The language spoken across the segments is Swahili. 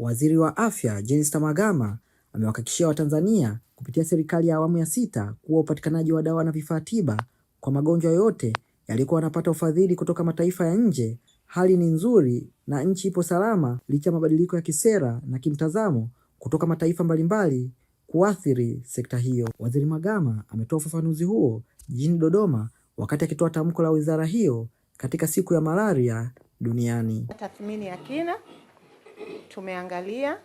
Waziri wa Afya Jenista Magama amewahakikishia Watanzania kupitia serikali ya awamu ya sita kuwa upatikanaji wa dawa na vifaa tiba kwa magonjwa yote yaliyokuwa yanapata ufadhili kutoka mataifa ya nje, hali ni nzuri na nchi ipo salama licha ya mabadiliko ya kisera na kimtazamo kutoka mataifa mbalimbali kuathiri sekta hiyo. Waziri Magama ametoa ufafanuzi huo jijini Dodoma wakati akitoa tamko la wizara hiyo katika siku ya malaria duniani. Tathmini ya kina tumeangalia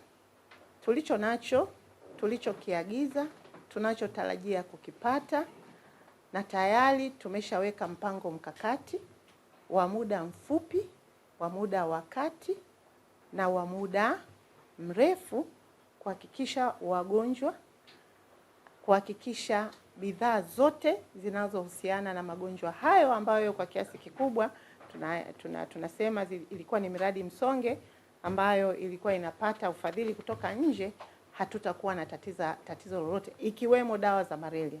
tulicho nacho, tulichokiagiza, tunachotarajia kukipata, na tayari tumeshaweka mpango mkakati wa muda mfupi, wa muda wa kati na wa muda mrefu kuhakikisha wagonjwa, kuhakikisha bidhaa zote zinazohusiana na magonjwa hayo ambayo kwa kiasi kikubwa tunasema tuna, tuna ilikuwa ni miradi msonge ambayo ilikuwa inapata ufadhili kutoka nje, hatutakuwa na tatizo tatizo lolote, ikiwemo dawa za malaria.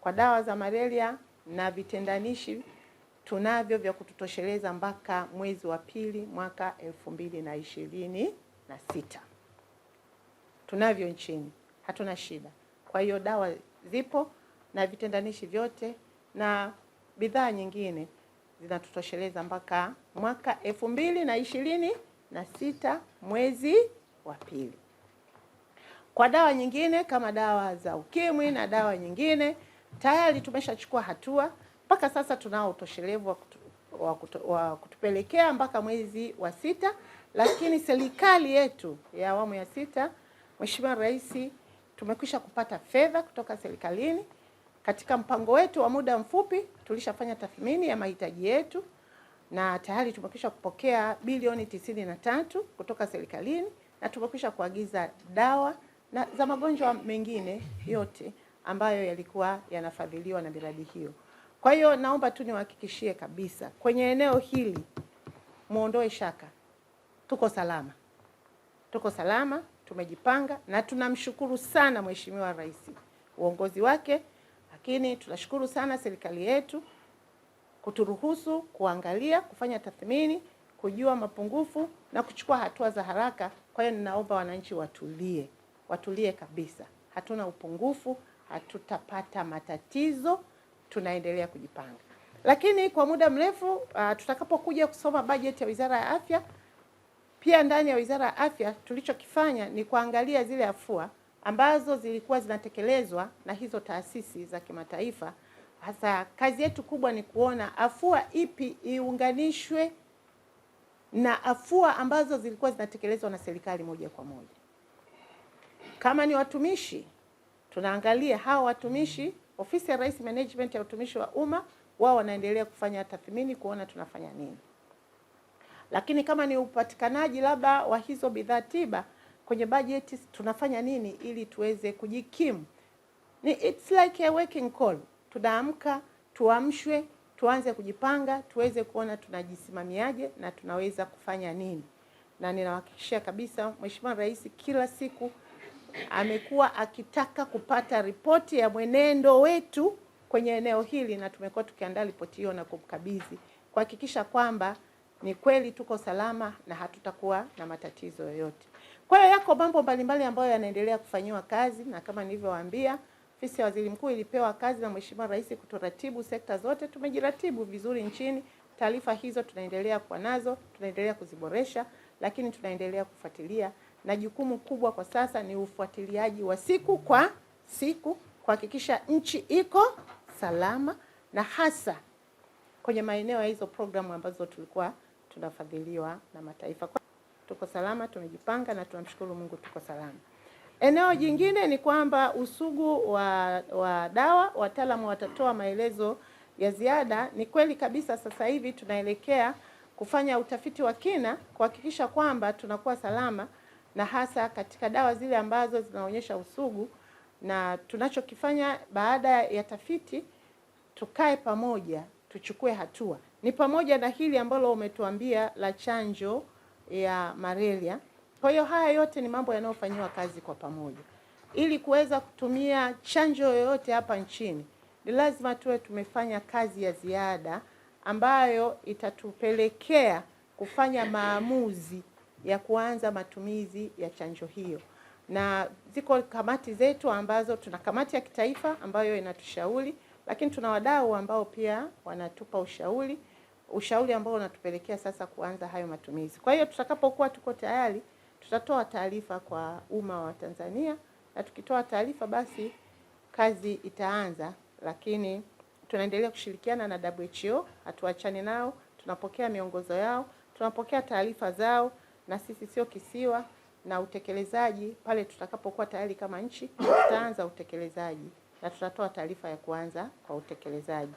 Kwa dawa za malaria na vitendanishi tunavyo vya kututosheleza mpaka mwezi wa pili mwaka elfu mbili na ishirini na sita tunavyo nchini, hatuna shida. Kwa hiyo dawa zipo na vitendanishi vyote na bidhaa nyingine zinatutosheleza mpaka mwaka elfu mbili na ishirini na sita mwezi wa pili. Kwa dawa nyingine kama dawa za ukimwi na dawa nyingine tayari tumeshachukua hatua mpaka sasa, tunao utoshelevu wa, kutu, wa, kutu, wa kutupelekea mpaka mwezi wa sita, lakini serikali yetu ya awamu ya sita, Mheshimiwa Rais, tumekwisha kupata fedha kutoka serikalini katika mpango wetu wa muda mfupi. Tulishafanya tathmini ya mahitaji yetu na tayari tumekwisha kupokea bilioni tisini na tatu kutoka serikalini na tumekwisha kuagiza dawa na za magonjwa mengine yote ambayo yalikuwa yanafadhiliwa na miradi hiyo. Kwa hiyo naomba tu niwahakikishie kabisa kwenye eneo hili muondoe shaka, tuko salama, tuko salama, tumejipanga na tunamshukuru sana Mheshimiwa Rais, uongozi wake, lakini tunashukuru sana serikali yetu kuturuhusu kuangalia, kufanya tathmini, kujua mapungufu na kuchukua hatua za haraka. Kwa hiyo ninaomba wananchi watulie, watulie kabisa. Hatuna upungufu, hatutapata matatizo, tunaendelea kujipanga. Lakini kwa muda mrefu uh, tutakapokuja kusoma bajeti ya Wizara ya Afya, pia ndani ya Wizara ya Afya tulichokifanya ni kuangalia zile afua ambazo zilikuwa zinatekelezwa na hizo taasisi za kimataifa sasa kazi yetu kubwa ni kuona afua ipi iunganishwe na afua ambazo zilikuwa zinatekelezwa na serikali moja kwa moja. Kama ni watumishi, tunaangalia hawa watumishi, ofisi ya Rais Management ya utumishi wa umma, wao wanaendelea kufanya tathmini kuona tunafanya nini. Lakini kama ni upatikanaji labda wa hizo bidhaa tiba kwenye bajeti, tunafanya nini ili tuweze kujikimu. Ni it's like a waking call tunaamka, tuamshwe, tuanze kujipanga, tuweze kuona tunajisimamiaje na tunaweza kufanya nini. Na ninawahakikishia kabisa Mheshimiwa Rais kila siku amekuwa akitaka kupata ripoti ya mwenendo wetu kwenye eneo hili, na tumekuwa tukiandaa ripoti hiyo na kumkabidhi kuhakikisha kwamba ni kweli tuko salama na hatutakuwa na matatizo yoyote. Kwa hiyo yako mambo mbalimbali ambayo yanaendelea kufanyiwa kazi na kama nilivyowaambia Ofisi ya Waziri Mkuu ilipewa kazi na Mheshimiwa Rais kutoratibu sekta zote. Tumejiratibu vizuri nchini. Taarifa hizo tunaendelea kuwa nazo, tunaendelea kuziboresha, lakini tunaendelea kufuatilia, na jukumu kubwa kwa sasa ni ufuatiliaji wa siku kwa siku kuhakikisha nchi iko salama, na hasa kwenye maeneo ya hizo programu ambazo tulikuwa tunafadhiliwa na mataifa. Tuko salama, tumejipanga na tunamshukuru Mungu, tuko salama. Eneo jingine ni kwamba usugu wa, wa dawa, wataalamu watatoa maelezo ya ziada. Ni kweli kabisa, sasa hivi tunaelekea kufanya utafiti wa kina kuhakikisha kwamba tunakuwa salama na hasa katika dawa zile ambazo zinaonyesha usugu, na tunachokifanya baada ya tafiti, tukae pamoja, tuchukue hatua, ni pamoja na hili ambalo umetuambia la chanjo ya malaria kwa hiyo haya yote ni mambo yanayofanyiwa kazi kwa pamoja. Ili kuweza kutumia chanjo yoyote hapa nchini, ni lazima tuwe tumefanya kazi ya ziada ambayo itatupelekea kufanya maamuzi ya kuanza matumizi ya chanjo hiyo, na ziko kamati zetu ambazo tuna kamati ya kitaifa ambayo inatushauri, lakini tuna wadau ambao pia wanatupa ushauri, ushauri ambao unatupelekea sasa kuanza hayo matumizi. Kwa hiyo tutakapokuwa tuko tayari tutatoa taarifa kwa umma wa Tanzania, na tukitoa taarifa basi kazi itaanza, lakini tunaendelea kushirikiana na WHO, hatuachani nao, tunapokea miongozo yao, tunapokea taarifa zao, na sisi sio kisiwa. Na utekelezaji pale tutakapokuwa tayari kama nchi, tutaanza utekelezaji na tutatoa taarifa ya kuanza kwa utekelezaji,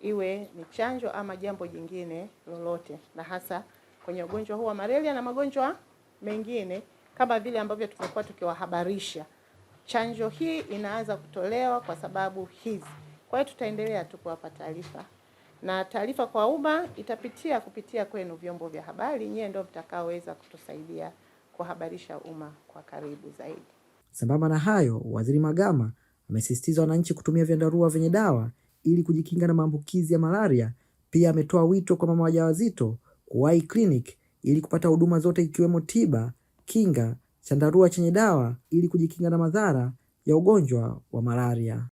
iwe ni chanjo ama jambo jingine lolote, na hasa kwenye ugonjwa huu wa malaria na magonjwa mengine kama vile ambavyo tumekuwa tukiwahabarisha. Chanjo hii inaanza kutolewa kwa sababu hizi. Kwa hiyo tutaendelea tu kuwapa taarifa na taarifa kwa umma itapitia kupitia kwenu vyombo vya habari, nyiye ndio mtakaoweza kutusaidia kuhabarisha umma kwa karibu zaidi. Sambamba na hayo, Waziri Magama amesisitiza wananchi kutumia vyandarua vyenye dawa ili kujikinga na maambukizi ya malaria. Pia ametoa wito kwa mama wajawazito kuwahi kliniki ili kupata huduma zote ikiwemo tiba, kinga, chandarua chenye dawa ili kujikinga na madhara ya ugonjwa wa malaria.